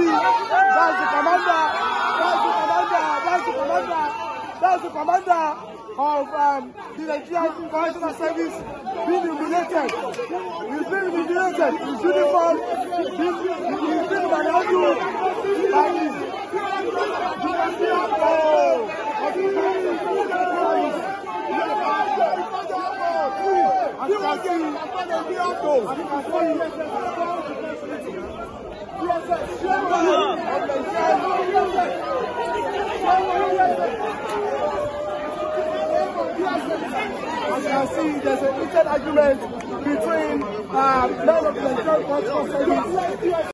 see. That's the commander. That's the commander. That's the commander. That's the commander of um, the Nigerian International Service being humiliated. He's been humiliated. He's uniform, he's been manhandled by his European Oh, I'm going to go. As see, there's a heated argument between uh, men of the Nigerian Cultural Service